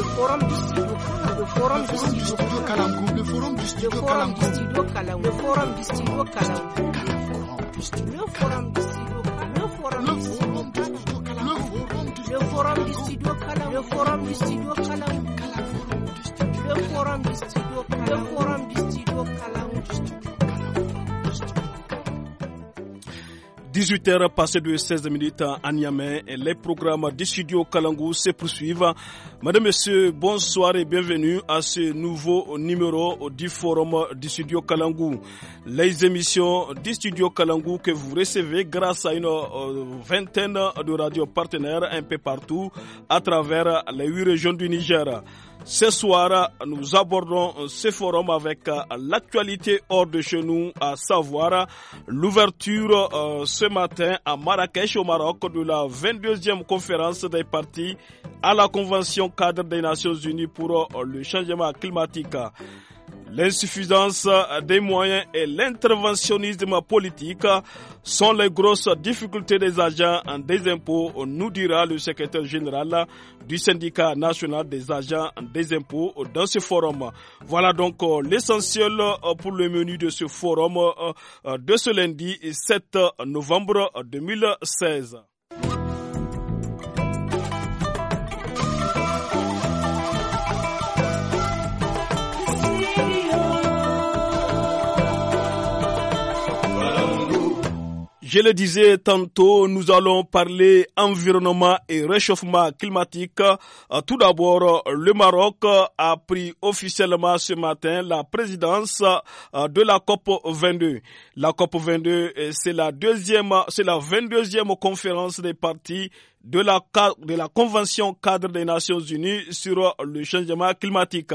le forum du studio le forum du studio Calamgou le forum du studio Calamgou le forum du studio Calamgou le forum du studio le forum du studio le forum du studio le forum du studio le forum du studio le forum du studio le forum du studio 18h passé de 16 minutes à Niamey et les programmes du studio Kalangou se poursuivent. Madame, messieurs, bonsoir et bienvenue à ce nouveau numéro du forum du studio Kalangou. Les émissions du studio Kalangou que vous recevez grâce à une euh, vingtaine de radios partenaires un peu partout à travers les huit régions du Niger. Ce soir, nous abordons ce forum avec l'actualité hors de chez nous, à savoir l'ouverture euh, ce matin à Marrakech au Maroc de la 22e conférence des partis à la Convention cadre des Nations Unies pour le changement climatique. L'insuffisance des moyens et l'interventionnisme politique sont les grosses difficultés des agents des impôts, nous dira le secrétaire général du syndicat national des agents des impôts dans ce forum. Voilà donc euh, l'essentiel euh, pour le menu de ce forum euh, de ce lundi 7 novembre 2016. Je le disais tantôt, nous allons parler environnement et réchauffement climatique. Euh, tout d'abord, le Maroc a pris officiellement ce matin la présidence euh, de la COP 22. La COP 22, euh, c'est la deuxième, c'est la 22e conférence des partis de la, de la Convention cadre des Nations Unies sur le changement climatique.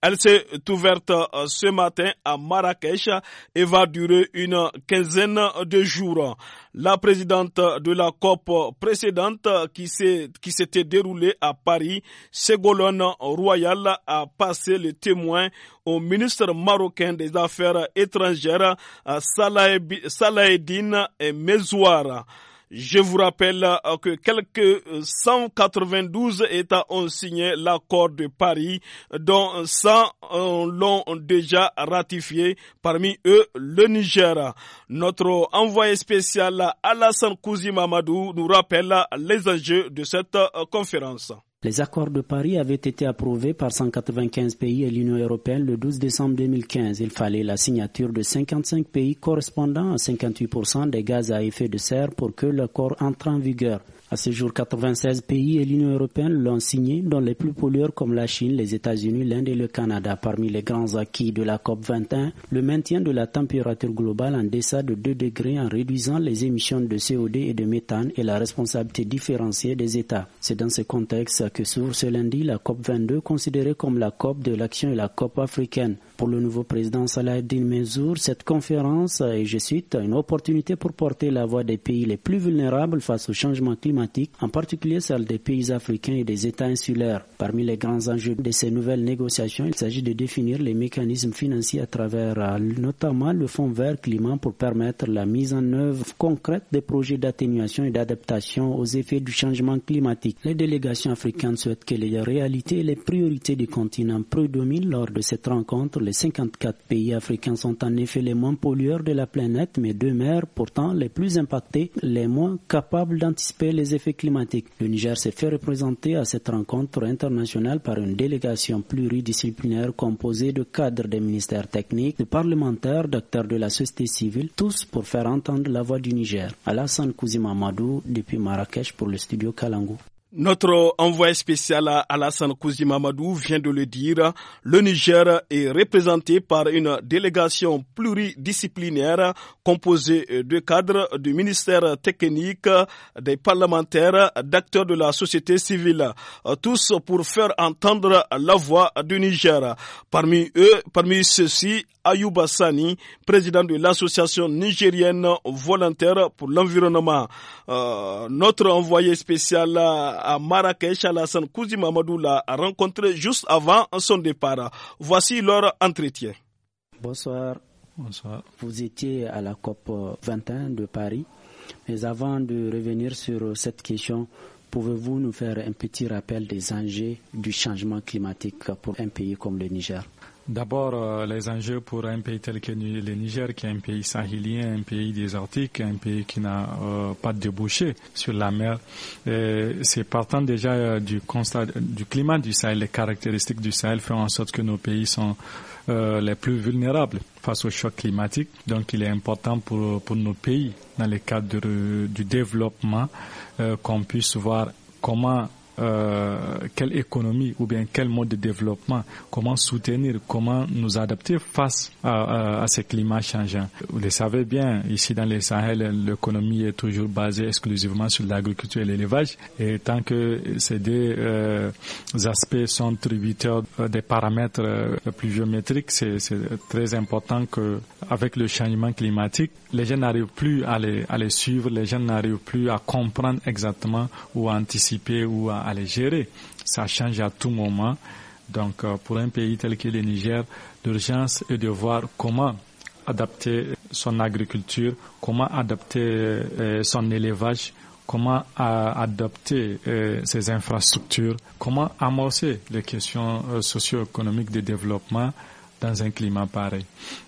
Elle s'est ouverte euh, ce matin à Marrakech et va durer une quinzaine de jours. La présidente de la COP précédente qui s'était déroulée à Paris, Ségolène Royal, a passé le témoin au ministre marocain des Affaires étrangères, euh, Salahedine Mezouara. Je vous rappelle euh, que quelques 192 euh, États ont signé l'accord de Paris, dont 100 euh, l'ont déjà ratifié, parmi eux le Niger. Notre envoyé spécial Alassane Kouzi Mamadou nous rappelle les enjeux de cette conférence. Les accords de Paris avaient été approuvés par 195 pays et l'Union européenne le 12 décembre 2015. Il fallait la signature de 55 pays correspondant à 58% des gaz à effet de serre pour que l'accord entre en vigueur. À ce jour, 96 pays et l'Union européenne l'ont signé, dont les plus pollueurs comme la Chine, les États-Unis, l'Inde et le Canada. Parmi les grands acquis de la COP21, le maintien de la température globale en deçà de 2 degrés en réduisant les émissions de CO2 et de méthane et la responsabilité différenciée des États. C'est dans ce contexte que s'ouvre ce lundi la COP22 considérée comme la COP de l'action et la COP africaine pour le nouveau président Saladin Mezour, cette conférence est, je cite, une opportunité pour porter la voix des pays les plus vulnérables face au changement climatique, en particulier celle des pays africains et des États insulaires. Parmi les grands enjeux de ces nouvelles négociations, il s'agit de définir les mécanismes financiers à travers euh, notamment le Fonds vert climat pour permettre la mise en œuvre concrète des projets d'atténuation et d'adaptation aux effets du changement climatique. Les délégations africaines souhaitent que les réalités et les priorités du continent prédominent lors de cette rencontre les 54 pays africains sont en effet les moins pollueurs de la planète, mais mers pourtant les plus impactées, les moins capables d'anticiper les effets climatiques. Le Niger s'est fait représenter à cette rencontre internationale par une délégation pluridisciplinaire composée de cadres des ministères techniques, de parlementaires, d'acteurs de la société civile, tous pour faire entendre la voix du Niger. Alassane Kouzima Madou, depuis Marrakech pour le studio Kalangou. Notre envoyé spécial Alassane Kouzi Mamadou vient de le dire, le Niger est représenté par une délégation pluridisciplinaire composée de cadres du ministère technique, des parlementaires, d'acteurs de la société civile, tous pour faire entendre la voix du Niger. Parmi eux, parmi ceux-ci, Ayuba président de l'association nigérienne volontaire pour l'environnement. Euh, notre envoyé spécial à Marrakech, Alassane Kouzi Mamadou, l'a rencontré juste avant son départ. Voici leur entretien. Bonsoir. Bonsoir. Vous étiez à la COP 21 de Paris. Mais avant de revenir sur cette question, pouvez-vous nous faire un petit rappel des enjeux du changement climatique pour un pays comme le Niger D'abord, euh, les enjeux pour un pays tel que le Niger, qui est un pays sahélien, un pays désertique, un pays qui n'a euh, pas de débouché sur la mer, euh, c'est partant déjà du constat du climat du Sahel, les caractéristiques du Sahel font en sorte que nos pays sont les plus vulnérables face au choc climatique. Donc il est important pour, pour nos pays, dans le cadre du développement, qu'on puisse voir comment euh, quelle économie ou bien quel mode de développement, comment soutenir, comment nous adapter face à, à, ces climats changeants. Vous le savez bien, ici dans les Sahel, l'économie est toujours basée exclusivement sur l'agriculture et l'élevage. Et tant que ces deux euh, aspects sont tributaires des paramètres euh, pluviométriques, c'est très important que, avec le changement climatique, les gens n'arrivent plus à les, à les suivre, les gens n'arrivent plus à comprendre exactement ou à anticiper ou à à les gérer. Ça change à tout moment. Donc, euh, pour un pays tel que le Niger, l'urgence est de voir comment adapter son agriculture, comment adapter euh, son élevage, comment adapter euh, ses infrastructures, comment amorcer les questions socio-économiques de développement dans un climat pareil.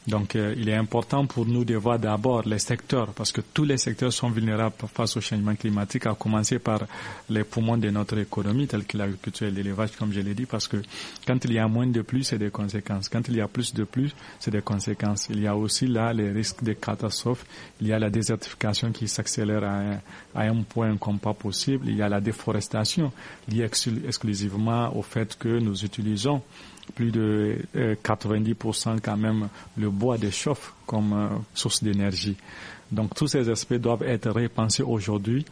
Donc, euh, il est important pour nous de voir d'abord les secteurs, parce que tous les secteurs sont vulnérables face au changement climatique, à commencer par les poumons de notre économie, tels que l'agriculture et l'élevage, comme je l'ai dit, parce que quand il y a moins de pluie, c'est des conséquences. Quand il y a plus de pluie, c'est des conséquences. Il y a aussi là les risques de catastrophes. Il y a la désertification qui s'accélère à, un, à un point comme pas possible. Il y a la déforestation liée exclusivement au fait que nous utilisons plus de 90% euh, quand même le bois de chauffe comme euh, source d'énergie. Donc tous ces aspects doivent être repensés aujourd'hui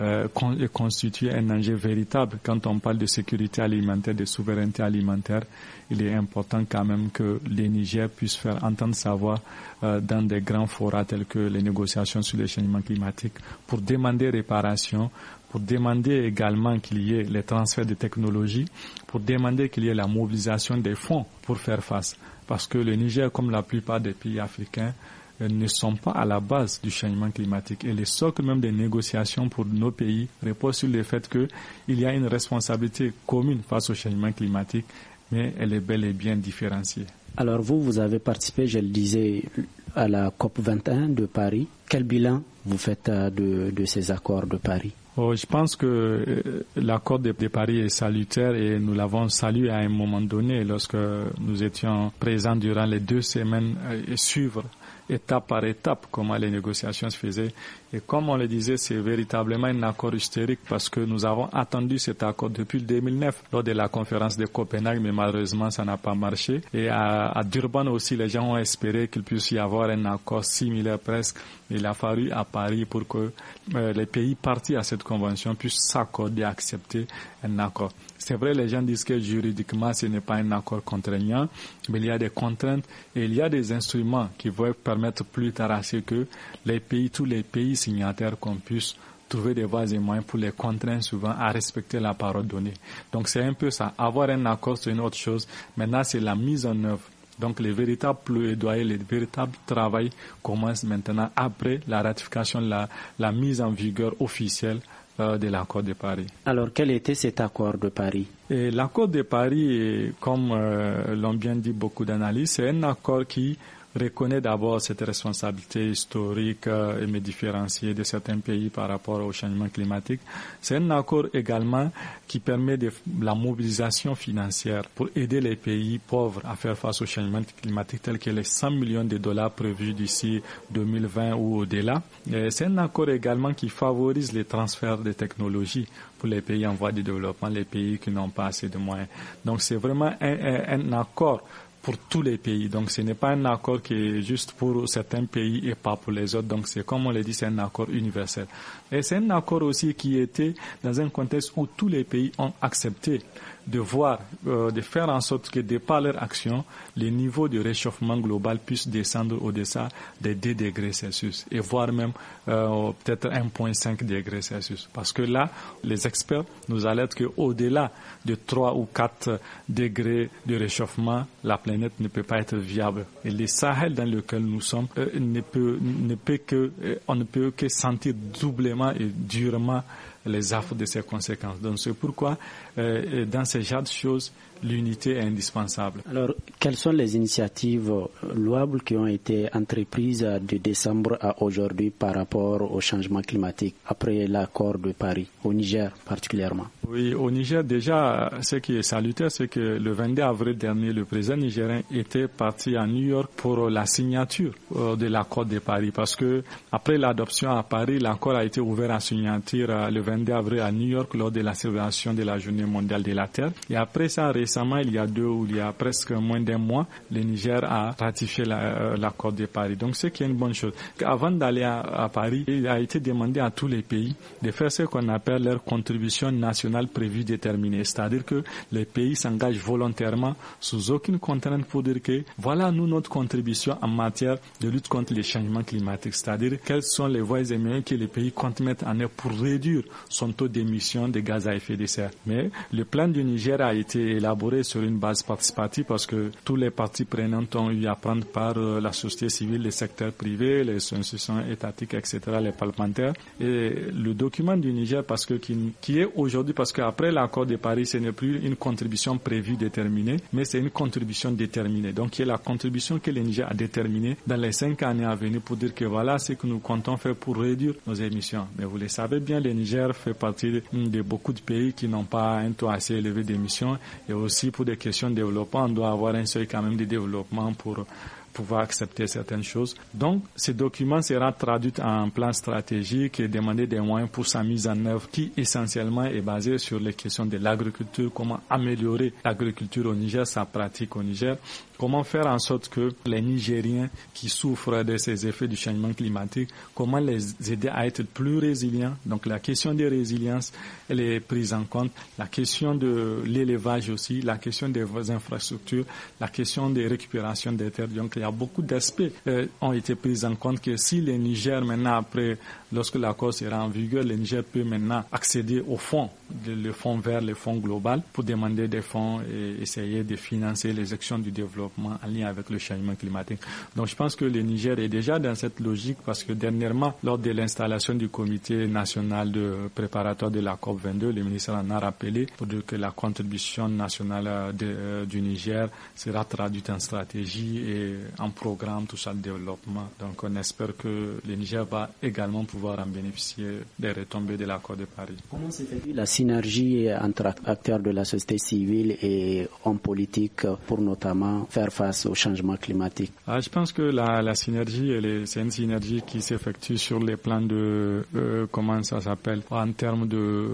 euh, et constituer un enjeu véritable. Quand on parle de sécurité alimentaire, de souveraineté alimentaire, il est important quand même que les Niger puissent faire entendre sa voix euh, dans des grands forats tels que les négociations sur le changement climatique pour demander réparation, pour demander également qu'il y ait les transferts de technologies, pour demander qu'il y ait la mobilisation des fonds pour faire face. Parce que le Niger, comme la plupart des pays africains, euh, ne sont pas à la base du changement climatique. Et le socle même des négociations pour nos pays repose sur le fait qu'il y a une responsabilité commune face au changement climatique, mais elle est bel et bien différenciée. Alors vous, vous avez participé, je le disais, à la COP 21 de Paris. Quel bilan vous faites euh, de ces accords de Paris Oh, je pense que euh, l'accord de, Paris est salutaire et nous l'avons salué à un moment donné lorsque nous étions présents durant les deux semaines euh, et suivre étape par étape comment les négociations se faisaient. Et comme on le disait, c'est véritablement un accord hystérique parce que nous avons attendu cet accord depuis 2009 lors de la conférence de Copenhague, mais malheureusement, ça n'a pas marché. Et à, Durban aussi, les gens ont espéré qu'il puisse y avoir un accord similaire presque. Il a fallu à Paris pour que euh, les pays partis à cette convention puissent s'accorder, accepter un accord. C'est vrai, les gens disent que juridiquement, ce n'est pas un accord contraignant, mais il y a des contraintes et il y a des instruments qui vont permettre plus tard à ce que les pays, tous les pays signataires qu'on puisse trouver des voies et moyens pour les contraindre souvent à respecter la parole donnée. Donc c'est un peu ça. Avoir un accord, c'est une autre chose. Maintenant, c'est la mise en œuvre. Donc les véritables plaidoyers, les véritables travail commencent maintenant après la ratification, la, la mise en vigueur officielle euh, de l'accord de Paris. Alors quel était cet accord de Paris L'accord de Paris, comme euh, l'ont bien dit beaucoup d'analystes, c'est un accord qui reconnaît d'abord cette responsabilité historique euh, et me différencier de certains pays par rapport au changement climatique. C'est un accord également qui permet de la mobilisation financière pour aider les pays pauvres à faire face au changement climatique tel que les 100 millions de dollars prévus d'ici 2020 ou au-delà. C'est un accord également qui favorise les transferts de technologies pour les pays en voie de développement, les pays qui n'ont pas assez de moyens. Donc c'est vraiment un, un accord pour tous les pays. Donc ce n'est pas un accord qui est juste pour certains pays et pas pour les autres. Donc c'est comme on le dit, c'est un accord universel. Et c'est un accord aussi qui était dans un contexte où tous les pays ont accepté de voir, euh, de faire en sorte que, de par leur action, les niveaux de réchauffement global puissent descendre au-dessous des 2 degrés Celsius et voire même euh, peut-être 1,5 degrés Celsius. Parce que là, les experts nous alertent qu'au-delà de 3 ou 4 degrés de réchauffement, la planète ne peut pas être viable. Et le Sahel dans lequel nous sommes euh, ne peut, ne peut que, on ne peut que sentir doublement et durement les affres de ces conséquences. Donc c'est pourquoi euh, dans ce genre de choses, l'unité est indispensable. Alors, quelles sont les initiatives louables qui ont été entreprises de décembre à aujourd'hui par rapport au changement climatique après l'accord de Paris, au Niger particulièrement Oui, au Niger, déjà, ce qui est salutaire, c'est que le 22 avril dernier, le président nigérien était parti à New York pour la signature euh, de l'accord de Paris parce que après l'adoption à Paris, l'accord a été ouvert à signature euh, le 22 avril à New York lors de la célébration de la journée mondiale de la Terre. Et après ça, récemment, il y a deux ou il y a presque moins d'un mois, le Niger a ratifié euh, l'accord de Paris. Donc, ce qui est une bonne chose. Avant d'aller à, Paris, il a été demandé à tous les pays de faire ce qu'on appelle leur contribution nationale prévue déterminée. C'est-à-dire que les pays s'engagent volontairement sous aucune contrainte pour dire que voilà, nous, notre contribution en matière de lutte contre les changements climatiques. C'est-à-dire quelles sont les voies et moyens que les pays comptent mettre en œuvre pour réduire son taux d'émission de gaz à effet de serre. Mais le plan du Niger a été élaboré sur une base participative parce que tous les parties prenantes ont eu à prendre par euh, la société civile, les secteurs privés, les institutions étatiques, etc., les parlementaires. Et le document du Niger, parce que qui, est aujourd'hui, parce qu'après l'accord de Paris, ce n'est plus une contribution prévue déterminée, mais c'est une contribution déterminée. Donc, qui est la contribution que le Niger a déterminée dans les cinq années à venir pour dire que voilà ce que nous comptons faire pour réduire nos émissions. Mais vous le savez bien, le Niger fait partie de, beaucoup de pays qui n'ont pas un taux assez élevé d'émissions et aussi pour des questions de développement, on doit avoir un seuil quand même de développement pour pouvoir accepter certaines choses. Donc, ce document sera traduit en plan stratégique et demander des moyens pour sa mise en œuvre qui essentiellement est basée sur les questions de l'agriculture, comment améliorer l'agriculture au Niger, sa pratique au Niger, Comment faire en sorte que les Nigériens qui souffrent de ces effets du changement climatique, comment les aider à être plus résilients Donc la question des résiliences, elle est prise en compte. La question de l'élevage aussi, la question des infrastructures, la question des récupérations des terres. Donc il y a beaucoup d'aspects euh, ont été pris en compte que si le Niger maintenant après, lorsque l'accord sera en vigueur, le Niger peut maintenant accéder au fonds, le fonds vert, le fonds global, pour demander des fonds et essayer de financer les actions du développement en lien avec le changement climatique. Donc je pense que le Niger est déjà dans cette logique parce que dernièrement, lors de l'installation du comité national de préparatoire de la COP22, le ministre en a rappelé pour dire que la contribution nationale euh, euh, du Niger sera traduite en stratégie et en programme, tout ça, de développement. Donc on espère que le Niger va également pouvoir en bénéficier des retombées de l'accord de Paris. Comment s'est la synergie entre acteurs de la société civile et en politique pour notamment face au changement climatique ah, Je pense que la, synergie, c'est une synergie qui s'effectue sur les plans de, euh, comment ça s'appelle, en termes de,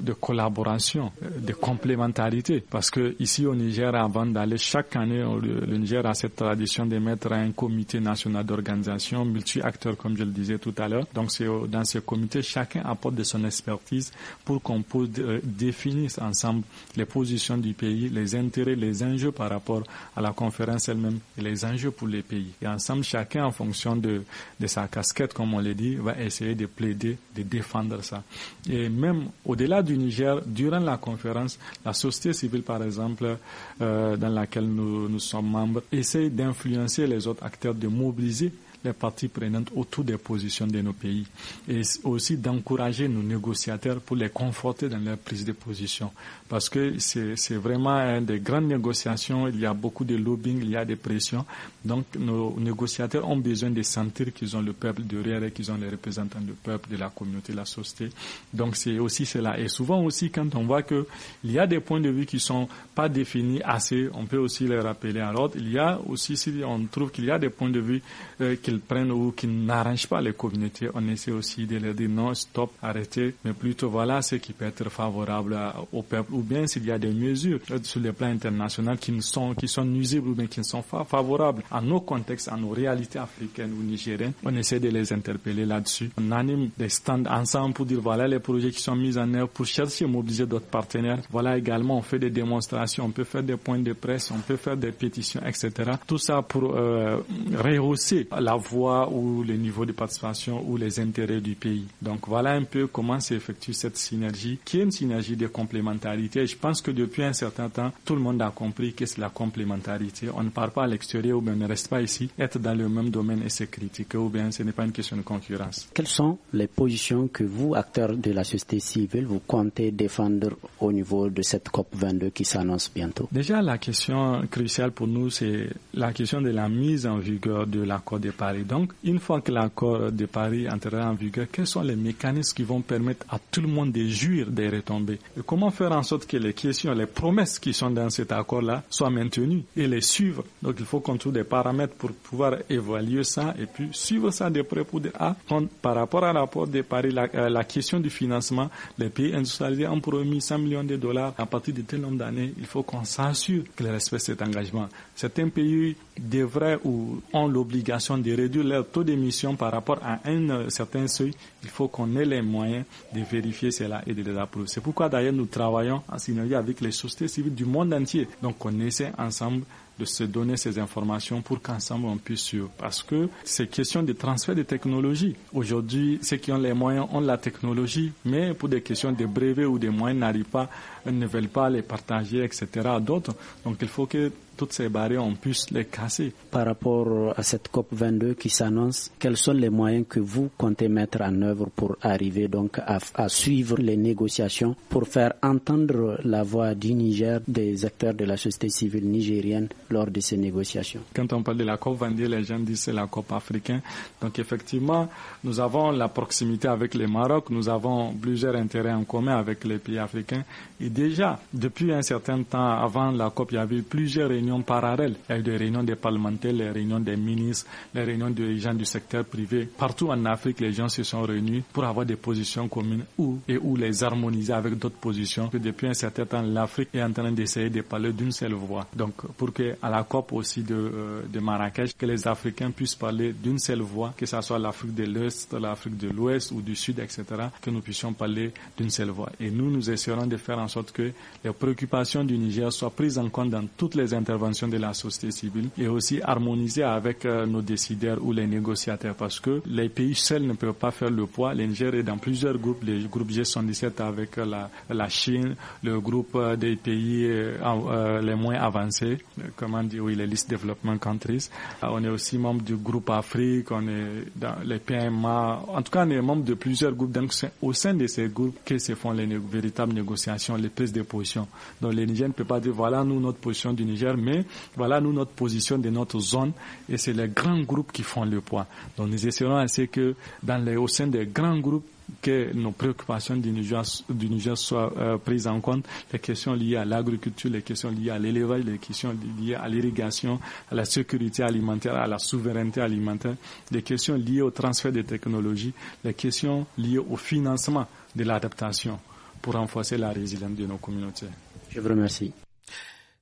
de collaboration, de complémentarité. Parce que ici au Niger, avant d'aller chaque année, le Niger a cette tradition de mettre un comité national d'organisation, multi-acteurs, comme je le disais tout à l'heure. Donc c'est dans ce comité, chacun apporte de son expertise pour qu'on puisse euh, ensemble les positions du pays, les intérêts, les enjeux par rapport à la conférence elle-même et les enjeux pour les pays. Et ensemble, chacun, en fonction de, de sa casquette, comme on l'a dit, va essayer de plaider, de défendre ça. Et même au-delà du Niger, durant la conférence, la société civile, par exemple, euh, dans laquelle nous, nous sommes membres, essaye d'influencer les autres acteurs, de mobiliser les parties prenantes autour des positions de nos pays et aussi d'encourager nos négociateurs pour les conforter dans leur prise de position. Parce que c'est vraiment des grandes négociations, il y a beaucoup de lobbying, il y a des pressions. Donc nos négociateurs ont besoin de sentir qu'ils ont le peuple derrière et qu'ils ont les représentants du peuple, de la communauté, de la société. Donc c'est aussi cela. Et souvent aussi quand on voit qu'il y a des points de vue qui sont pas définis assez, on peut aussi les rappeler à l'ordre. Il y a aussi, si on trouve qu'il y a des points de vue euh, qu'ils prennent ou qu'ils n'arrangent pas les communautés, on essaie aussi de leur dire non, stop, arrêtez, mais plutôt voilà ce qui peut être favorable au peuple, ou bien s'il y a des mesures euh, sur le plan international qui sont, qui sont nuisibles ou bien qui ne sont pas favorables à nos contextes, à nos réalités africaines ou nigériennes, on essaie de les interpeller là-dessus. On anime des stands ensemble pour dire voilà les projets qui sont mis en œuvre pour chercher à mobiliser d'autres partenaires. Voilà également, on fait des démonstrations, on peut faire des points de presse, on peut faire des pétitions, etc. Tout ça pour euh, rehausser la voix ou le niveau de participation ou les intérêts du pays. Donc voilà un peu comment s'effectue cette synergie, qui est une synergie de complémentarité. je pense que depuis un certain temps, tout le monde a compris que c'est la complémentarité. On ne part pas à l'extérieur ou bien on ne reste pas ici. Être dans le même domaine et se critiquer ou bien ce n'est pas une question de concurrence. Quelles sont les positions que vous, acteurs de la société civile, vous comptez défendre au niveau de cette COP22 qui s'annonce bientôt Déjà, la question cruciale pour nous, c'est la question de la mise en vigueur de l'accord des parties donc, une fois que l'accord de Paris entrera en vigueur, quels sont les mécanismes qui vont permettre à tout le monde de jouir des retombées et Comment faire en sorte que les questions, les promesses qui sont dans cet accord-là soient maintenues et les suivre Donc, il faut qu'on trouve des paramètres pour pouvoir évaluer ça et puis suivre ça de près pour dire, ah, par rapport à l'accord de Paris, euh, la, question du financement, les pays industrialisés ont promis 100 millions de dollars à partir de tel nombre d'années. Il faut qu'on s'assure qu'ils respectent cet engagement. Certains pays devraient ou ont l'obligation de réduire leur taux d'émission par rapport à un euh, certain seuil, il faut qu'on ait les moyens de vérifier cela et de les approuver. C'est pourquoi d'ailleurs nous travaillons en synergie avec les sociétés civiles du monde entier. Donc on essaie ensemble de se donner ces informations pour qu'ensemble on puisse suivre. Parce que c'est question de transfert de technologie. Aujourd'hui, ceux qui ont les moyens ont la technologie, mais pour des questions de brevets ou des moyens n'arrivent pas elles ne veulent pas les partager, etc. D'autres. Donc il faut que toutes ces barrières, on puisse les casser. Par rapport à cette COP 22 qui s'annonce, quels sont les moyens que vous comptez mettre en œuvre pour arriver donc à, suivre les négociations, pour faire entendre la voix du Niger, des acteurs de la société civile nigérienne lors de ces négociations Quand on parle de la COP 22, les gens disent c'est la COP africaine. Donc effectivement, nous avons la proximité avec le Maroc, nous avons plusieurs intérêts en commun avec les pays africains. Et déjà, depuis un certain temps, avant la COP, il y avait plusieurs réunions parallèles. Il y a eu des réunions des parlementaires, les réunions des ministres, les réunions des gens du secteur privé. Partout en Afrique, les gens se sont réunis pour avoir des positions communes ou, et où les harmoniser avec d'autres positions. Que depuis un certain temps, l'Afrique est en train d'essayer de parler d'une seule voix. Donc, pour que à la COP aussi de, euh, de Marrakech, que les Africains puissent parler d'une seule voix, que ce soit l'Afrique de l'Est, l'Afrique de l'Ouest ou du Sud, etc., que nous puissions parler d'une seule voix. Et nous, nous essaierons de faire en sorte que les préoccupations du Niger soient prises en compte dans toutes les interventions de la société civile et aussi harmonisées avec euh, nos décideurs ou les négociateurs parce que les pays seuls ne peuvent pas faire le poids. Le Niger est dans plusieurs groupes, le groupe G77 avec euh, la, Chine, le groupe euh, des pays les moins avancés, comment dire, oui, les listes développement countries. On est aussi membre du groupe Afrique, on est dans les PMA. En tout cas, on est membre de plusieurs groupes. Donc, c'est au sein de ces groupes que se font les véritables négociations les de position. Donc le Niger ne peut pas dire voilà nous notre position du Niger, mais voilà nous notre position de notre zone et c'est les grands groupes qui font le poids. Donc nous essaierons ainsi que dans les, au sein des grands groupes que nos préoccupations du Niger, soient euh, prises en compte, les questions liées à l'agriculture, les questions liées à l'élevage, les questions liées à l'irrigation, à la sécurité alimentaire, à la souveraineté alimentaire, les questions liées au transfert des technologies, les questions liées au financement de l'adaptation pour renforcer la résilience de nos communautés. Je vous remercie.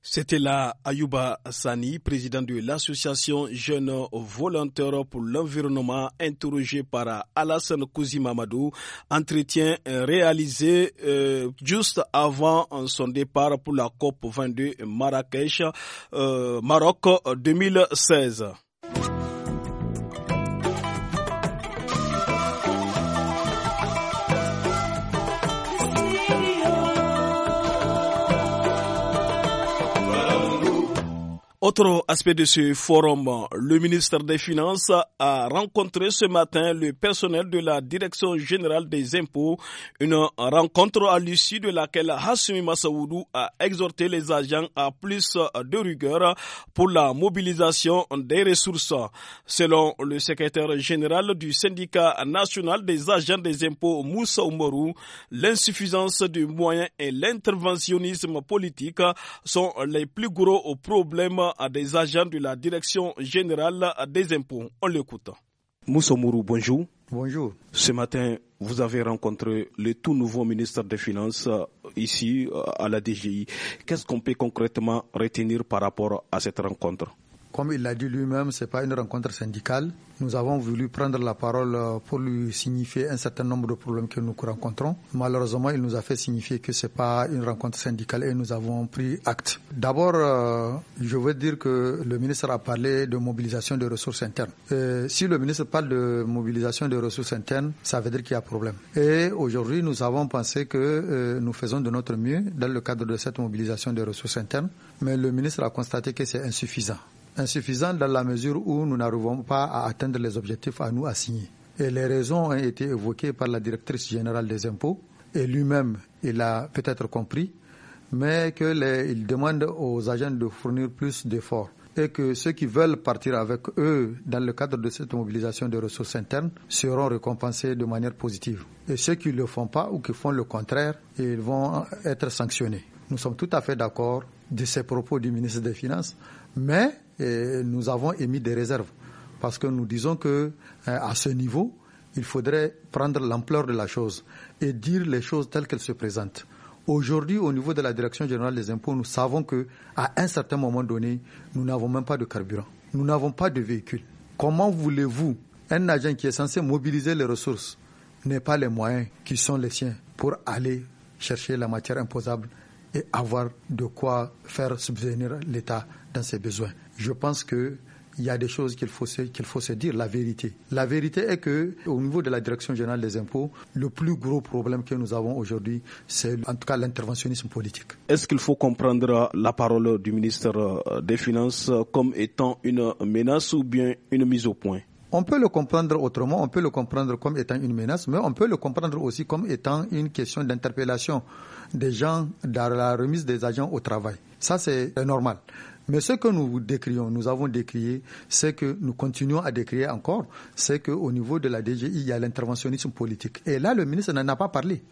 C'était là Ayouba Sani, président de l'association Jeunes Volontaires pour l'Environnement, interrogé par Alassane Kouzi Mamadou. Entretien euh, réalisé euh, juste avant euh, son départ pour la COP 22 Marrakech, Maroc 2016. Autre aspect de ce forum, le ministre des Finances a rencontré ce matin le personnel de la Direction générale des impôts, une rencontre à l'issue de laquelle Hassimi Massaoudou a exhorté les agents à plus de rigueur pour la mobilisation des ressources. Selon le secrétaire général du syndicat national des agents des impôts, Moussa Oumarou, l'insuffisance des moyens et l'interventionnisme politique sont les plus gros problèmes à des agents de la Direction générale des impôts. On l'écoute. Moussomourou, bonjour. Bonjour. Ce matin, vous avez rencontré le tout nouveau ministre des Finances euh, ici euh, à la DGI. Qu'est-ce qu'on peut concrètement retenir par rapport à cette rencontre comme il l'a dit lui-même, ce n'est pas une rencontre syndicale. Nous avons voulu prendre la parole euh, pour lui signifier un certain nombre de problèmes que nous rencontrons. Malheureusement, il nous a fait signifier que ce n'est pas une rencontre syndicale et nous avons pris acte. D'abord, euh, je veux dire que le ministre a parlé de mobilisation des ressources internes. Euh, si le ministre parle de mobilisation des ressources internes, ça veut dire qu'il y a problème. Et aujourd'hui, nous avons pensé que nous faisons de notre mieux dans le cadre de cette mobilisation des ressources internes, mais le ministre a constaté que c'est insuffisant insuffisant dans la mesure où nous n'arrivons pas à atteindre les objectifs à nous assignés. Et les raisons ont été évoquées par la directrice générale des impôts, et lui-même, il a peut-être compris, mais qu'il demande aux agents de fournir plus d'efforts et que ceux qui veulent partir avec eux dans le cadre de cette mobilisation des ressources internes seront récompensés de manière positive. Et ceux qui ne le font pas ou qui font le contraire, ils vont être sanctionnés. Nous sommes tout à fait d'accord de ces propos du ministre des Finances, mais nous avons émis des réserves parce que nous disons que euh, à ce niveau, il faudrait prendre l'ampleur de la chose et dire les choses telles qu'elles se présentent. Aujourd'hui, au niveau de la Direction générale des impôts, nous savons que à un certain moment donné, nous n'avons même pas de carburant, nous n'avons pas de véhicule. Comment voulez-vous un agent qui est censé mobiliser les ressources n'ait pas les moyens qui sont les siens pour aller chercher la matière imposable et avoir de quoi faire subvenir l'État dans ses besoins. Je pense que il y a des choses qu'il faut, faut se dire, la vérité. La vérité est que, au niveau de la Direction générale des impôts, le plus gros problème que nous avons aujourd'hui, c'est en tout cas l'interventionnisme politique. Est-ce qu'il faut comprendre la parole du ministre euh, des Finances comme étant une menace ou bien une mise au point on peut le comprendre autrement, on peut le comprendre comme étant une menace, mais on peut le comprendre aussi comme étant une question d'interpellation des gens dans la remise des agents au travail. Ça, c'est normal. Mais ce que nous décrions, nous avons décrié, c'est que nous continuons à décrire encore, c'est qu'au niveau de la DGI, il y a l'interventionnisme politique. Et là, le ministre n'en a pas parlé.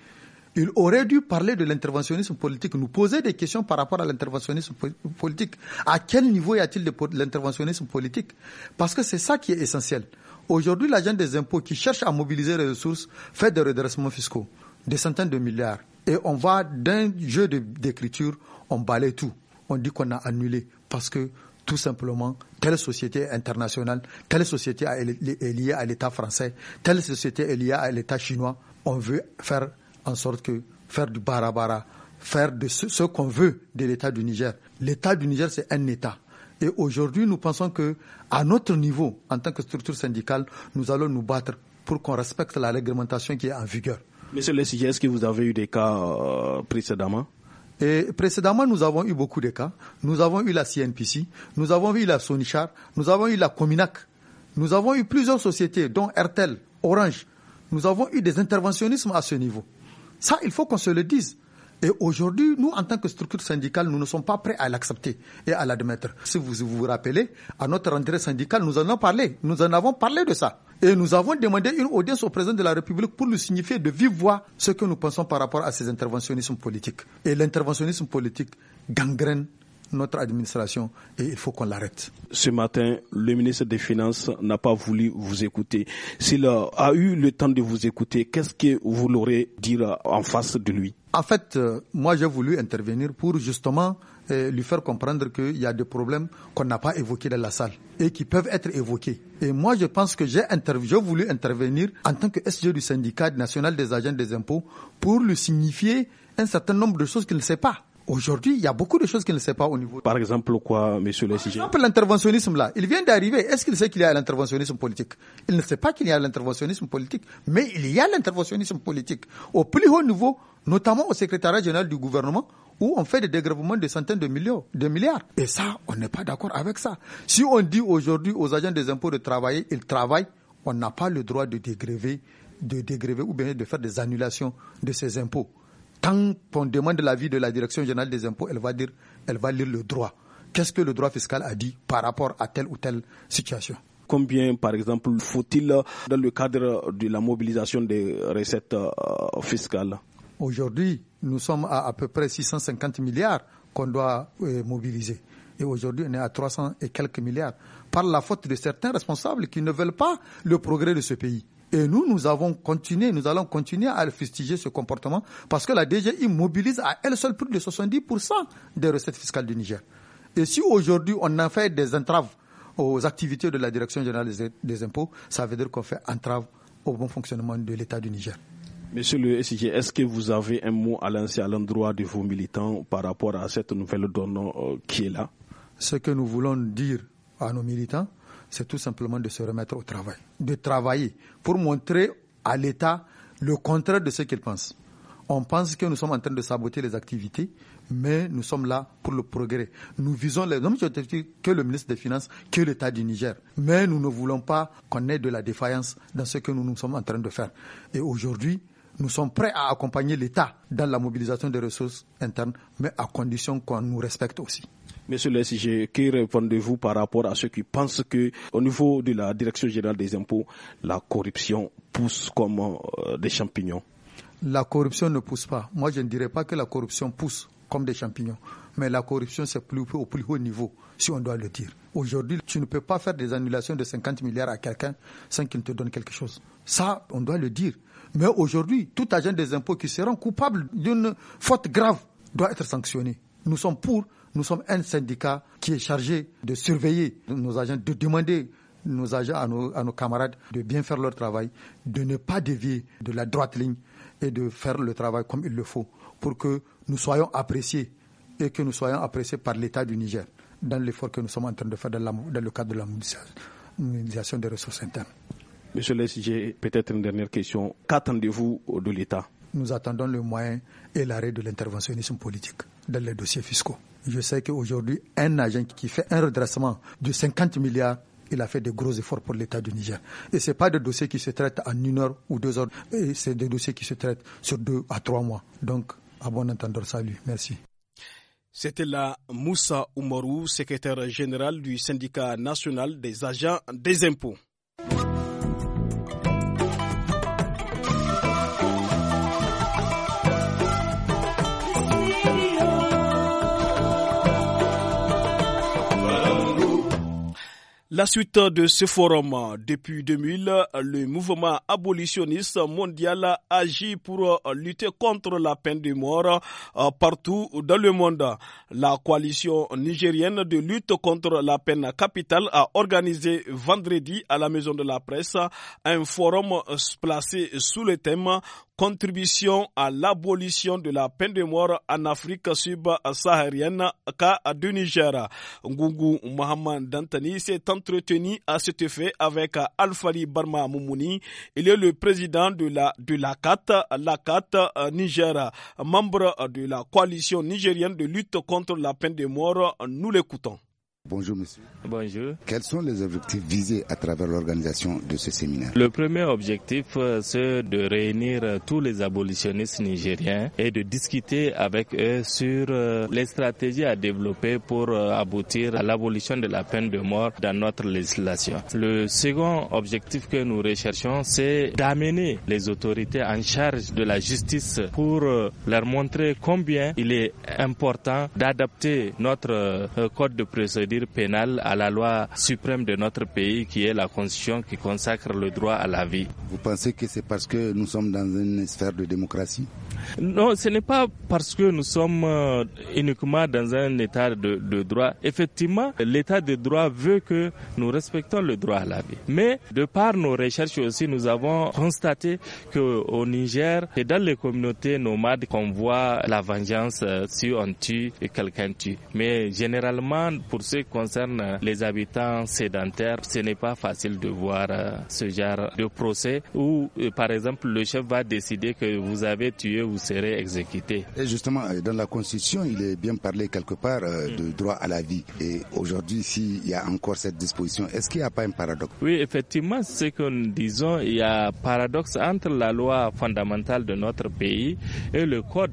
Il aurait dû parler de l'interventionnisme politique, nous poser des questions par rapport à l'interventionnisme politique. À quel niveau y a-t-il de l'interventionnisme politique Parce que c'est ça qui est essentiel. Aujourd'hui, l'agent des impôts qui cherche à mobiliser les ressources fait des redressements fiscaux, des centaines de milliards. Et on va d'un jeu d'écriture, on balaye tout. On dit qu'on a annulé parce que tout simplement, telle société internationale, telle société est liée à l'État français, telle société est liée à l'État chinois. On veut faire en sorte que faire du barabara, faire de ce, qu'on veut de l'État du Niger. L'État du Niger, c'est un État. Et aujourd'hui, nous pensons que, à notre niveau, en tant que structure syndicale, nous allons nous battre pour qu'on respecte la réglementation qui est en vigueur. Monsieur le est-ce que vous avez eu des cas euh, précédemment et précédemment, nous avons eu beaucoup de cas. Nous avons eu la CNPC, nous avons eu la Sonichar, nous avons eu la Cominac, nous avons eu plusieurs sociétés, dont Ertel, Orange. Nous avons eu des interventionnismes à ce niveau. Ça, il faut qu'on se le dise. Et aujourd'hui, nous, en tant que structure syndicale, nous ne sommes pas prêts à l'accepter et à l'admettre. Si vous vous rappelez, à notre rentrée syndicale, nous en avons parlé. Nous en avons parlé de ça. Et nous avons demandé une audience au président de la République pour lui signifier de vive voix ce que nous pensons par rapport à ces interventionnismes politiques. Et l'interventionnisme politique gangrène notre administration et il faut qu'on l'arrête. Ce matin, le ministre des Finances n'a pas voulu vous écouter. S'il a eu le temps de vous écouter, qu'est-ce que vous l'aurez dit en face de lui en fait, euh, moi j'ai voulu intervenir pour justement euh, lui faire comprendre qu'il y a des problèmes qu'on n'a pas évoqués dans la salle et qui peuvent être évoqués. Et moi je pense que j'ai voulu intervenir en tant que SG du syndicat national des agents des impôts pour lui signifier un certain nombre de choses qu'il ne sait pas. Aujourd'hui, il y a beaucoup de choses qu'il ne sait pas au niveau. Par exemple, quoi, monsieur le Par exemple, l'interventionnisme là. Il vient d'arriver. Est-ce qu'il sait qu'il y a l'interventionnisme politique? Il ne sait pas qu'il y a l'interventionnisme politique, mais il y a l'interventionnisme politique. Au plus haut niveau, notamment au secrétariat général du gouvernement, où on fait des dégrèvements de centaines de millions, de milliards. Et ça, on n'est pas d'accord avec ça. Si on dit aujourd'hui aux agents des impôts de travailler, ils travaillent, on n'a pas le droit de dégréver, de dégréver ou bien de faire des annulations de ces impôts. Tant qu'on demande l'avis de la Direction générale des impôts, elle va dire, va lire le droit. Qu'est-ce que le droit fiscal a dit par rapport à telle ou telle situation Combien, par exemple, faut-il dans le cadre de la mobilisation des recettes euh, fiscales Aujourd'hui, nous sommes à à peu près 650 milliards qu'on doit euh, mobiliser. Et aujourd'hui, on est à 300 et quelques milliards par la faute de certains responsables qui ne veulent pas le progrès de ce pays. Et nous, nous avons continué, nous allons continuer à fustiger ce comportement parce que la DGI mobilise à elle seule plus de 70% des recettes fiscales du Niger. Et si aujourd'hui on en fait des entraves aux activités de la Direction générale des impôts, ça veut dire qu'on fait entrave au bon fonctionnement de l'État du Niger. Monsieur le SIG, est-ce que vous avez un mot à lancer à l'endroit de vos militants par rapport à cette nouvelle donne euh, qui est là Ce que nous voulons dire à nos militants, c'est tout simplement de se remettre au travail, de travailler pour montrer à l'État le contraire de ce qu'il pense. On pense que nous sommes en train de saboter les activités, mais nous sommes là pour le progrès. Nous visons les hommes que le ministre des Finances, que l'État du Niger. Mais nous ne voulons pas qu'on ait de la défaillance dans ce que nous nous sommes en train de faire. Et aujourd'hui, nous sommes prêts à accompagner l'État dans la mobilisation des ressources internes, mais à condition qu'on nous respecte aussi. Monsieur le SG, que répondez-vous par rapport à ceux qui pensent que, au niveau de la Direction générale des impôts, la corruption pousse comme euh, des champignons La corruption ne pousse pas. Moi, je ne dirais pas que la corruption pousse comme des champignons. Mais la corruption, c'est plus, au plus haut niveau, si on doit le dire. Aujourd'hui, tu ne peux pas faire des annulations de 50 milliards à quelqu'un sans qu'il te donne quelque chose. Ça, on doit le dire. Mais aujourd'hui, tout agent des impôts qui se rend coupable d'une faute grave doit être sanctionné. Nous sommes pour nous sommes un syndicat qui est chargé de surveiller nos agents, de demander nos agents à nos, camarades de bien faire leur travail, de ne pas dévier de la droite ligne et de faire le travail comme il le faut pour que nous soyons appréciés et que nous soyons appréciés par l'État du Niger dans l'effort que nous sommes en train de faire dans, le cadre de la mobilisation des ressources internes. Monsieur le j'ai peut-être une dernière question. Qu'attendez-vous de l'État Nous attendons le moyen et l'arrêt de l'interventionnisme politique dans les dossiers fiscaux. Je sais qu'aujourd'hui, un agent qui fait un redressement de 50 milliards il a fait de gros efforts pour l'État du Niger. Et ce n'est pas des dossiers qui se traitent en une heure ou deux heures, c'est des dossiers qui se traitent sur deux à trois mois. Donc, à bon entendeur, salut. Merci. C'était la Moussa Oumarou, secrétaire général du syndicat national des agents des impôts. La suite de ce forum, depuis 2000, le mouvement abolitionniste mondial agit pour lutter contre la peine de mort euh, partout dans le monde. La coalition nigérienne de lutte contre la peine capitale a organisé vendredi à la Maison de la Presse un forum placé sous le thème contribution à l'abolition de la peine de mort en Afrique subsaharienne cas du Niger. Ngungu Mohamed Dantani s'est entretenu à cet effet avec Alfali Barma Moumouni. Il est le président de la de la CAT, la CAT Niger, membre de la coalition nigérienne de lutte contre la peine de mort. Nous l'écoutons. Bonjour monsieur. Bonjour. Quels sont les objectifs visés à travers l'organisation de ce séminaire Le premier objectif, euh, c'est de réunir euh, tous les abolitionnistes nigériens et de discuter avec eux sur euh, les stratégies à développer pour aboutir à l'abolition de la peine de mort dans notre législation. Le second objectif que nous recherchons, c'est d'amener les autorités en charge de la justice pour leur montrer combien il est important d'adapter notre code de procédure pénal à la loi suprême de notre pays qui est la Constitution qui consacre le droit à la vie. Vous pensez que c'est parce que nous sommes dans une sphère de démocratie Non, ce n'est pas parce que nous sommes euh, uniquement dans un état de, de droit. Effectivement, l'état de droit veut que nous respectons le droit à la vie. Mais de par nos recherches aussi, nous avons constaté qu'au Niger et dans les communautés nomades qu'on voit la vengeance euh, si on tue et quelqu'un tue. Mais généralement, pour ceux concerne les habitants sédentaires, ce n'est pas facile de voir euh, ce genre de procès où, euh, par exemple, le chef va décider que vous avez tué, vous serez exécuté. Et justement, euh, dans la Constitution, il est bien parlé quelque part mm. de droit à la vie. Et aujourd'hui, s'il y a encore cette disposition, est-ce qu'il n'y a pas un paradoxe Oui, effectivement, c'est que nous disons, il y a paradoxe entre la loi fondamentale de notre pays et le code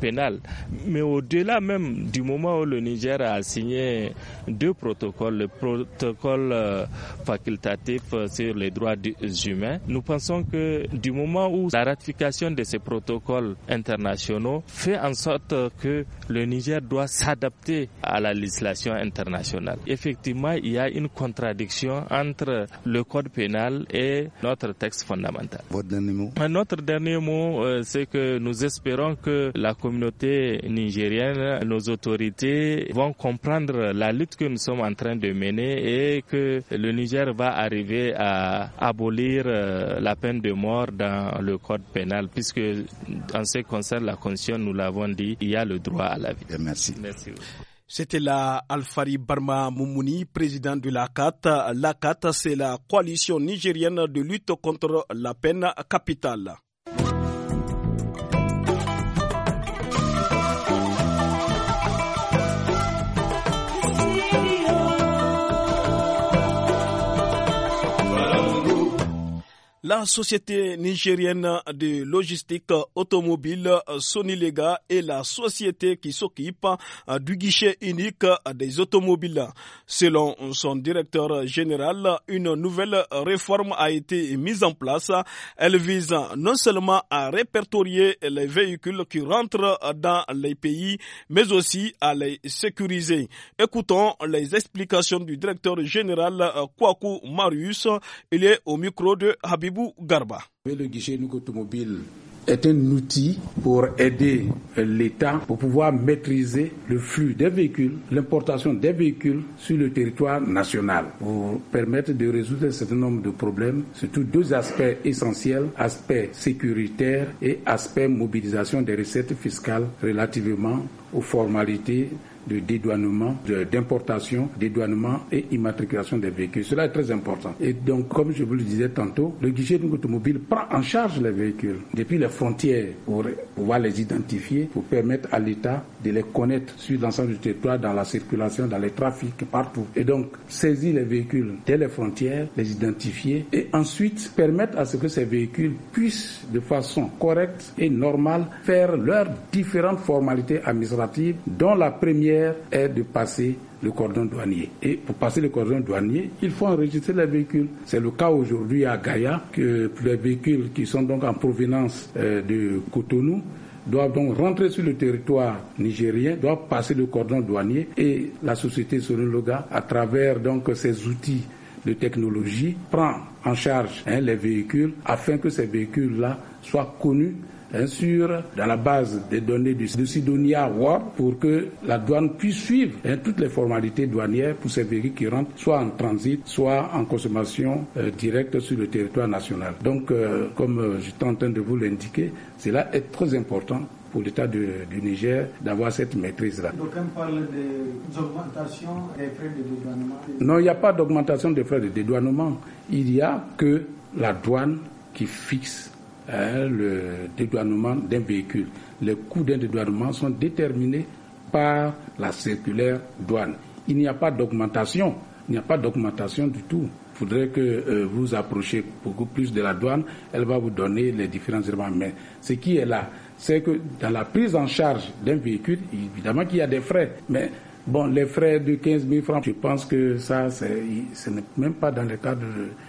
pénal. Mais au-delà même du moment où le Niger a signé deux protocoles, le protocole euh, facultatif euh, sur les droits humains, nous pensons que du moment où la ratification de ces protocoles internationaux fait en sorte que le Niger doit s'adapter à la législation internationale. Effectivement, il y a une contradiction entre le code pénal et notre texte fondamental. Votre dernier mot Notre dernier mot, euh, c'est que nous espérons que la communauté nigérienne, nos autorités vont comprendre la lutte que nous sommes en train de mener et que le Niger va arriver à abolir euh, la peine de mort dans le code pénal, puisque en ce qui concerne la Constitution, nous l'avons dit, il y a le droit à la vie. Eh, merci. C'était la Alfari Barma Moumouni, président de l'ACAT. L'ACAT, c'est la coalition nigérienne de lutte contre la peine capitale. La société nigérienne de logistique automobile Lega est la société qui s'occupe euh, du guichet unique euh, des automobiles. Selon son directeur général, une nouvelle réforme a été mise en place. Elle vise non seulement à répertorier les véhicules qui rentrent dans les pays, mais aussi à les sécuriser. Écoutons les explications du directeur général euh, Kwaku Marius. Il est au micro de Habib le guichet automobile est un outil pour aider l'État pour pouvoir maîtriser le flux des véhicules, l'importation des véhicules sur le territoire national pour permettre de résoudre un certain nombre de problèmes, surtout deux aspects essentiels, aspect sécuritaire et aspect mobilisation des recettes fiscales relativement aux formalités de dédouanement, d'importation, dédouanement et immatriculation des véhicules. Cela est très important. Et donc, comme je vous le disais tantôt, le guichet d'une automobile prend en charge les véhicules depuis les frontières pour pouvoir les identifier, pour permettre à l'État de les connaître sur l'ensemble du territoire, dans la circulation, dans les trafics, partout. Et donc, saisir les véhicules dès les frontières, les identifier et ensuite permettre à ce que ces véhicules puissent de façon correcte et normale faire leurs différentes formalités administratives, dont la première est de passer le cordon douanier. Et pour passer le cordon douanier, il faut enregistrer les véhicules. C'est le cas aujourd'hui à Gaïa que les véhicules qui sont donc en provenance euh, de Cotonou doivent donc rentrer sur le territoire nigérien, doivent passer le cordon douanier et la société Sonologa, à travers donc ses outils de technologie, prend en charge hein, les véhicules afin que ces véhicules-là soient connus bien dans la base des données du, de Sidonia WAP pour que la douane puisse suivre hein, toutes les formalités douanières pour ces véhicules qui rentrent soit en transit, soit en consommation euh, directe sur le territoire national. Donc, euh, comme euh, je suis en train de vous l'indiquer, cela est très important pour l'État du Niger d'avoir cette maîtrise-là. parle des d'augmentation des frais de dédouanement. Non, il n'y a pas d'augmentation des frais de dédouanement. Il n'y a que la douane qui fixe euh, le dédouanement d'un véhicule. Les coûts d'un dédouanement sont déterminés par la circulaire douane. Il n'y a pas d'augmentation, il n'y a pas d'augmentation du tout. Il faudrait que euh, vous approchiez beaucoup plus de la douane, elle va vous donner les différents éléments. Mais ce qui est là, c'est que dans la prise en charge d'un véhicule, évidemment qu'il y a des frais, mais Bon, les frais de 15 000 francs, je pense que ça, ce n'est même pas dans le cadre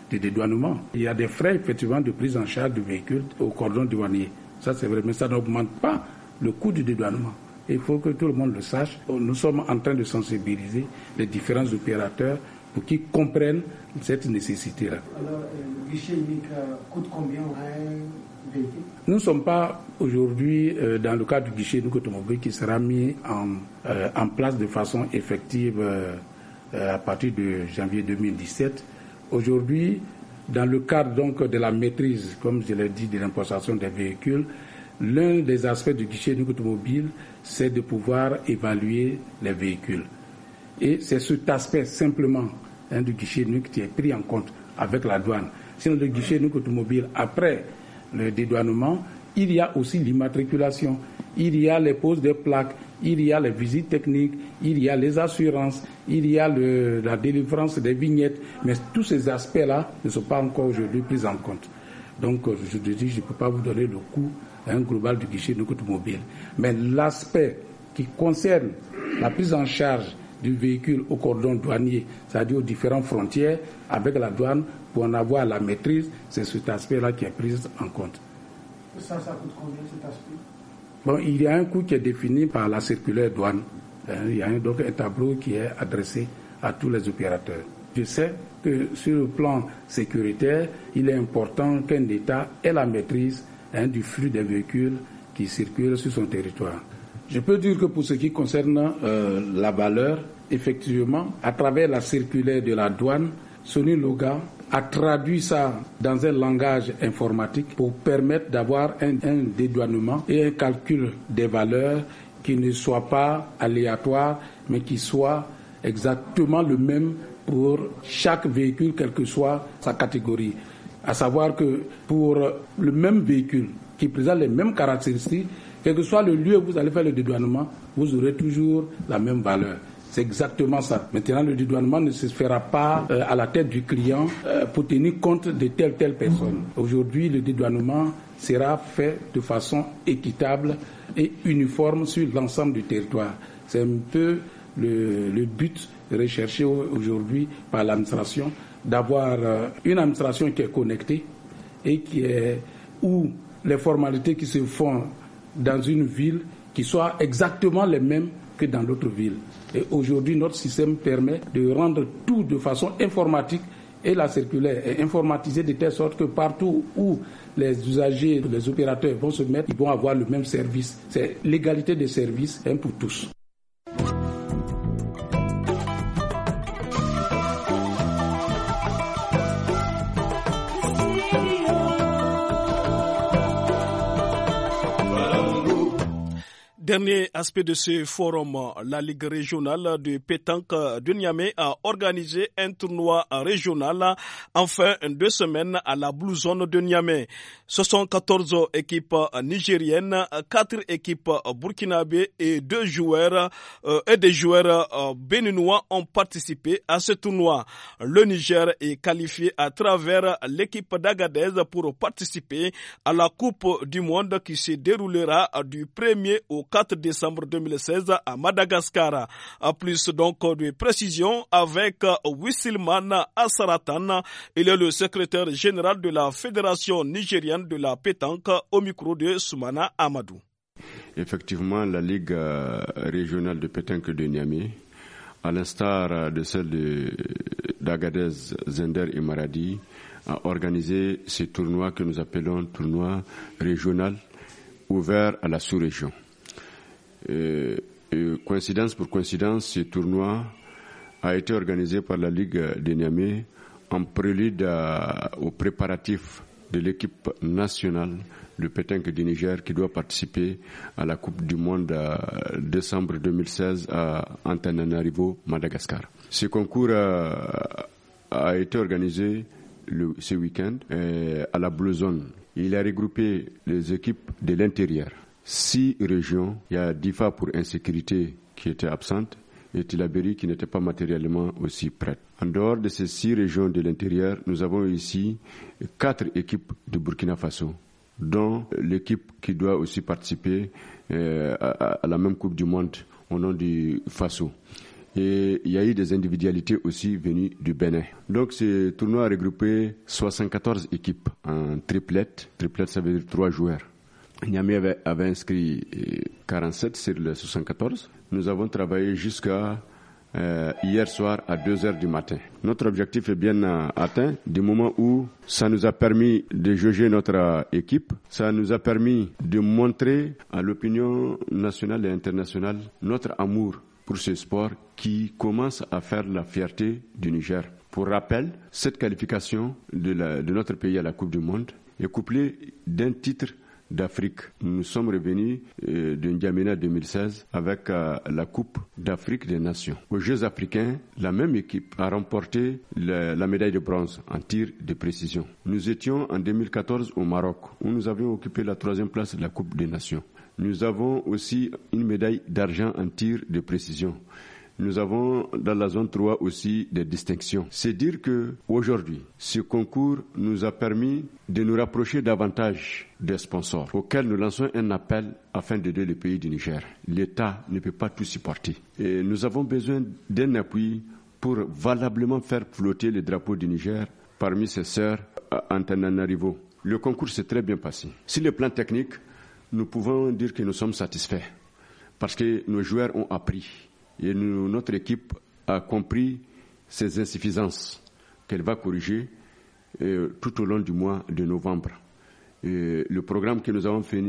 du dédouanement. Il y a des frais, effectivement, de prise en charge du véhicule au cordon douanier. Ça, c'est vrai, mais ça n'augmente pas le coût du dédouanement. Il faut que tout le monde le sache. Oh, nous sommes en train de sensibiliser les différents opérateurs pour qu'ils comprennent cette nécessité-là. Alors, euh, le guichet unique euh, coûte combien nous ne sommes pas aujourd'hui euh, dans le cadre du guichet du automobile qui sera mis en, euh, en place de façon effective euh, à partir de janvier 2017. Aujourd'hui, dans le cadre donc de la maîtrise, comme je l'ai dit, de l'importation des véhicules, l'un des aspects du guichet du automobile, c'est de pouvoir évaluer les véhicules. Et c'est cet aspect simplement hein, du guichet unique qui est pris en compte avec la douane. Sinon, le guichet NUC automobile, après le dédouanement, il y a aussi l'immatriculation, il y a les poses de plaques, il y a les visites techniques, il y a les assurances, il y a la délivrance des vignettes, mais tous ces aspects-là ne sont pas encore aujourd'hui pris en compte. Donc, euh, je dis, je ne peux pas vous donner le coût un global du guichet de coût mobile. Mais l'aspect qui concerne la prise en charge du véhicule au cordon douanier, c'est-à-dire aux différentes frontières avec la douane pour en avoir la maîtrise. C'est cet aspect-là qui est pris en compte. ça, ça coûte combien cet aspect Bon, il y a un coût qui est défini par la circulaire douane. Hein, il y a donc un tableau qui est adressé à tous les opérateurs. Je sais que sur le plan sécuritaire, il est important qu'un État ait la maîtrise hein, du flux des véhicules qui circulent sur son territoire. Je peux dire que pour ce qui concerne euh, la valeur, effectivement, à travers la circulaire de la douane, Sony Loga a traduit ça dans un langage informatique pour permettre d'avoir un, un dédouanement et un calcul des valeurs qui ne soit pas aléatoire, mais qui soit exactement le même pour chaque véhicule, quelle que soit sa catégorie. À savoir que pour le même véhicule qui présente les mêmes caractéristiques, quel que soit le lieu où vous allez faire le dédouanement, vous aurez toujours la même valeur. C'est exactement ça. Maintenant, le dédouanement ne se fera pas euh, à la tête du client euh, pour tenir compte de telle ou telle personne. Aujourd'hui, le dédouanement sera fait de façon équitable et uniforme sur l'ensemble du territoire. C'est un peu le, but recherché aujourd'hui par l'administration, d'avoir euh, une administration qui est connectée et qui est où les formalités qui se font dans une ville qui soit exactement les mêmes que dans l'autre ville. Et aujourd'hui, notre système permet de rendre tout de façon informatique et la circulaire est informatisée de telle sorte que partout où les usagers, les opérateurs vont se mettre, ils vont avoir le même service. C'est l'égalité des services, un hein, pour tous. Dernier aspect de ce forum, la Ligue régionale de pétanque de Niamey a organisé un tournoi régional en fin de semaine à la Blue Zone de Niamey. 74 équipes nigériennes, 4 équipes burkinabées et deux joueurs euh, et des joueurs euh, béninois ont participé à ce tournoi. Le Niger est qualifié à travers l'équipe d'Agadez pour participer à la Coupe du monde qui se déroulera du 1er au 4 décembre 2016 à Madagascar. A plus donc de précisions avec euh, Wissilman Asaratan. Il est le secrétaire général de la Fédération nigérienne de la pétanque au micro de Soumana Amadou. Effectivement, la Ligue euh, régionale de pétanque de Niamey, à l'instar de celle de d'Agadez, Zender et Maradi, a organisé ce tournoi que nous appelons tournoi régional ouvert à la sous-région. Et, euh, euh, coïncidence pour coïncidence, ce tournoi a été organisé par la Ligue des Niamey en prélude au préparatif de l'équipe nationale de pétanque du Niger qui doit participer à la Coupe du Monde à décembre 2016 à Antananarivo, Madagascar. Ce concours a, été organisé ce week-end euh, à la Blue Zone. Il a regroupé les équipes de l'intérieur, six régions. Il y a DIFA pour insécurité qui était absente et Tilaberi qui n'était pas matériellement aussi prête. En dehors de ces six régions de l'intérieur, nous avons ici quatre équipes de Burkina Faso, dont l'équipe qui doit aussi participer euh, à la même Coupe du Monde au nom du Faso. Et il y a eu des individualités aussi venues du Bénin. Donc ce tournoi a regroupé 74 équipes en triplette. triplettes ça veut dire trois joueurs. Niamey avait, inscrit 47 euh, sur le 74. Nous avons travaillé jusqu'à euh, hier soir à 2 heures du matin. Notre objectif est bien euh, atteint du moment où ça nous a permis de juger notre équipe, ça nous a permis de montrer à l'opinion nationale et internationale notre amour pour ce sport qui commence à faire la fierté du Niger. Pour rappel, cette qualification de, de notre pays à la Coupe du Monde est couplée d'un titre d'Afrique. Nous sommes revenus euh, de N'Djamena 2016 avec euh, la Coupe d'Afrique des Nations. Aux Jeux africains, la même équipe a remporté la médaille de bronze en tir de précision. Nous étions en 2014 au Maroc, où nous avions occupé la troisième place de la Coupe des Nations. Nous avons aussi une médaille d'argent en tir de précision. Nous avons dans la zone 3 aussi des distinctions. C'est dire que aujourd'hui, ce concours nous a permis de nous rapprocher davantage des sponsors auxquels nous lançons un appel afin d'aider le pays du Niger. L'État ne peut pas tout supporter. Et nous avons besoin d'un appui pour valablement faire flotter le drapeau du Niger parmi ses sœurs Antananarivo. Le concours s'est très bien passé. Sur le plan technique, nous pouvons dire que nous sommes satisfaits parce que nos joueurs ont appris et notre équipe a compris ces insuffisances qu'elle va corriger euh, tout au long du mois de novembre. le programme que nous avons fait,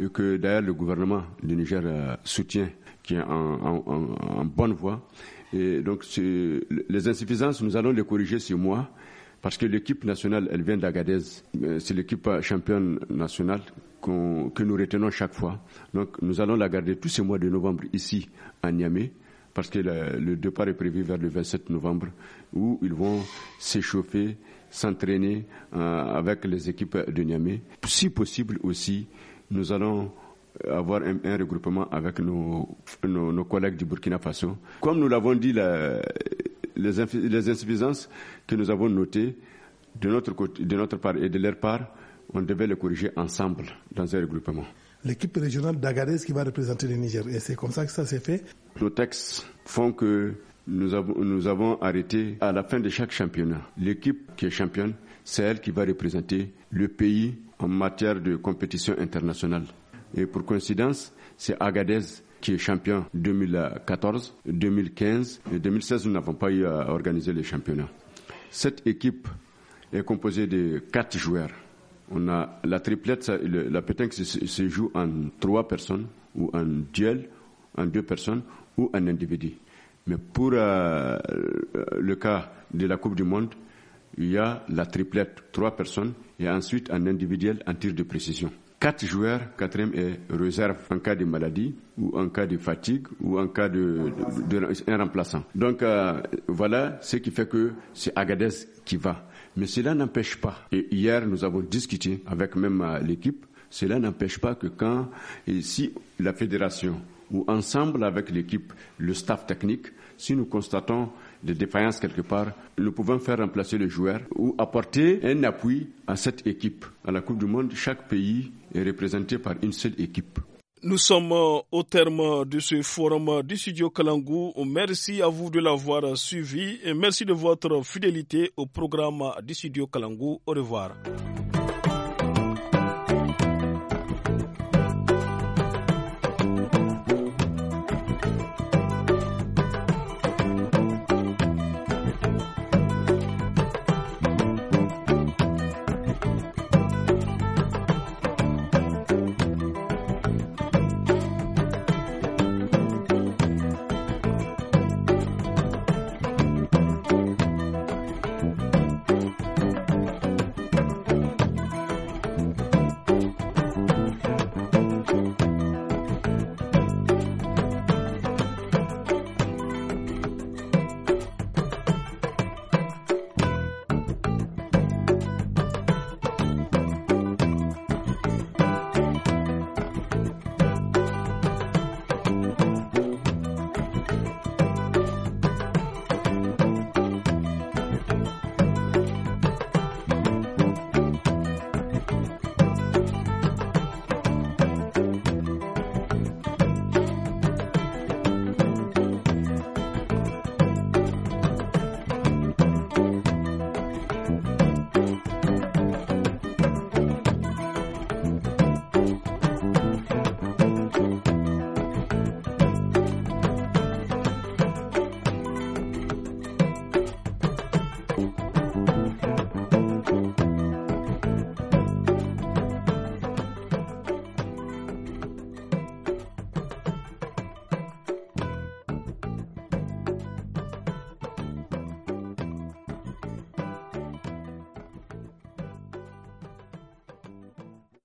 et euh, que d'ailleurs le gouvernement du Niger euh, soutient, qui est en, bonne voie. donc les insuffisances, nous allons les corriger ce mois parce que l'équipe nationale, elle vient d'Agadez. Euh, c'est l'équipe euh, championne nationale que nous retenons chaque fois. Donc nous allons la garder tous ces mois de novembre ici à Niamey parce que le, départ est prévu vers le 27 novembre, où ils vont s'échauffer, s'entraîner euh, avec les équipes de Niamey. Si possible aussi, nous allons avoir un, regroupement avec nos, nos, nos, collègues du Burkina Faso. Comme nous l'avons dit, la, les, insuffisances que nous avons notées de notre, côté, de notre part et de leur part, on devait les corriger ensemble dans un regroupement. L'équipe régionale d'Agadez qui va représenter le Niger, et c'est comme ça que ça s'est fait. Nos textes font que nous avons, nous avons arrêté à la fin de chaque championnat. L'équipe qui est championne, c'est elle qui va représenter le pays en matière de compétition internationale. Et pour coïncidence, c'est Agadez qui est champion 2014, 2015 et 2016. Nous n'avons pas eu à organiser les championnats. Cette équipe est composée de quatre joueurs. On a la triplette, la pétanque se joue en trois personnes ou en duel, en deux personnes ou en individu. Mais pour euh, le cas de la Coupe du Monde, il y a la triplette, trois personnes, et ensuite un individuel en tir de précision quatre joueurs, quatrième est réserve en cas de maladie ou en cas de fatigue ou en cas de, remplaçant. Donc euh, voilà ce qui fait que c'est Agadez qui va. Mais cela n'empêche pas. Et hier, nous avons discuté avec même euh, l'équipe. Cela n'empêche pas que quand et si la fédération ou ensemble avec l'équipe, le staff technique, si nous constatons de défaillance quelque part, nous pouvons faire remplacer les joueurs ou apporter un appui à cette équipe. À la Coupe du Monde, chaque pays est représenté par une seule équipe. Nous sommes euh, au terme de ce forum du studio Kalangou. Merci à vous de l'avoir suivi et merci de votre fidélité au programme du studio Kalangou. Au revoir.